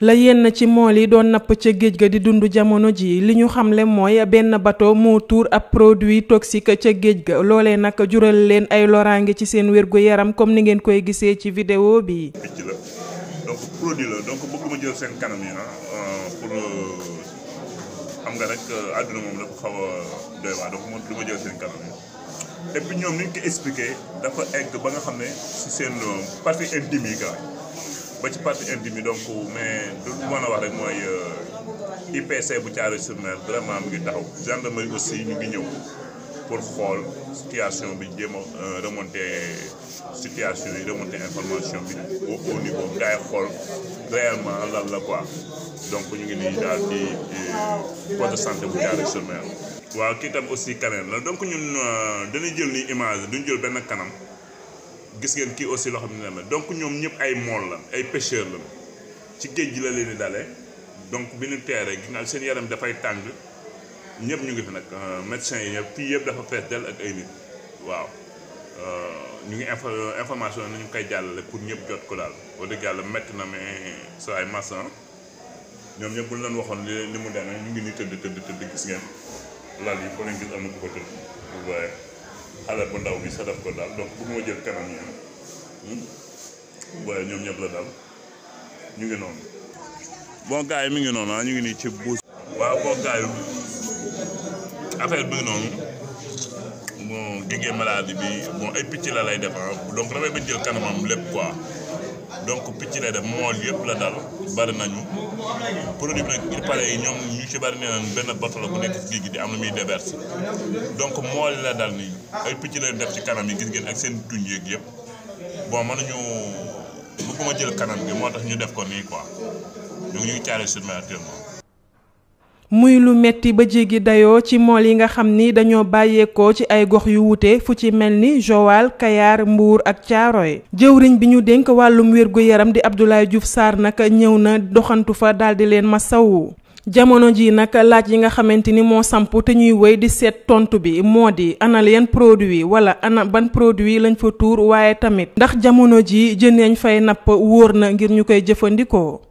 la yenn ci mool yi doon napp ca géej ga di dund jamono ji li ñu xamle mooy benn bato moo tuur ab produit toxique ca géej ga loolee nag jural leen ay loraange ci seen wérgu yaram comme ni ngeen koy gisee ci vidéo bi. donc seen kanam ah. euh, euh, nga rek euh, àdduna moom dafa ma jël seen kanam yi et puis ñoom ni ñu ko expliqué dafa egg ba nga xam ne si seen partie intime ba ci partie intime bi donc mais du mën a wax rek mooy euh, IPC bu Thiaroye sur Mer vraiment mu ngi taxaw gendarmerie aussi ñu ngi ñëw pour xool situation bi jéem a euh, situation yi remonter information bi au niveau gars xool réellement lan la quoi donc ñu ngi nii daal di poste de santé bu Thiaroye sur waaw kii tam aussi kaneen la donc ñun euh, dañuy jël ni image duñu jël benn kanam gis ngeen kii aussi loxo bi ne la donc ñoom ñëpp ay mool la ay pêcheur la ci géej gi la leen di dalee donc bi ñu teeree gi nga seen yaram dafay tàng ñëpp ñu ngi fi nag euh, médecins yi ñëpp yëpp dafa fees del ak ay nit waaw euh, ñu ngi info euh, information yi nañu koy jàllale pour ñëpp jot ko daal wax dëgg yàlla métti na mais sa ay maçon ñoom ñëpp bu ñu leen waxoon li li mu demee ñu ngi nii tëdd tëdd tëdd gis ngeen laal yi foo leen gis am ko tëdd xale bu ndaw mi sa daf ko daal donc bëgguma jël kanam yi hmm? waaye ñoom ñëpp la daal ñu ngi noonu boo gars yi mi ngi noonu ah ñu ngi nii ci buus waaw bon gars yi affaire bi noonu bon jógee maladie bi bon ay picc la lay def ah. donc damay bañ jël kanamam lépp quoi donc picc lay def mool yëpp la daal bari nañu produit bi nag il pare yi ñoom ñu si bari nee nañ benn bato la bu nekk ci gi di am na muy déverse donc mool la daal ni ay picc lay def ci kanam yi gis ngeen ak seen tuñ yeeg yëpp bon mënuñu bëgguma jël kanam gi moo tax ñu def ko nii quoi ñu ngi ñu ngi caare sur muy lu metti ba jéggi dayoo ci mool yi nga xam ni dañoo bàyyeekoo ci ay gox yu wute fu ci mel ni Joal Kayaar Mbuur ak Caaroy jëwriñ bi ñu dénk wàllum wér-gu-yaram di Abdoulaye Diouf saar nag ñëw na doxantu fa daal di leen masawu jamono ji naka laaj yi nga xamante ni moo samp te ñuy wéy di seet tontu bi moo di ana yan produit wala ana ban produit lañ fa tuur waaye tamit ndax jamono ji jën yañ fay napp wóor na ngir ñu koy jëfandikoo